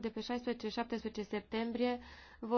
de pe 16-17 septembrie vor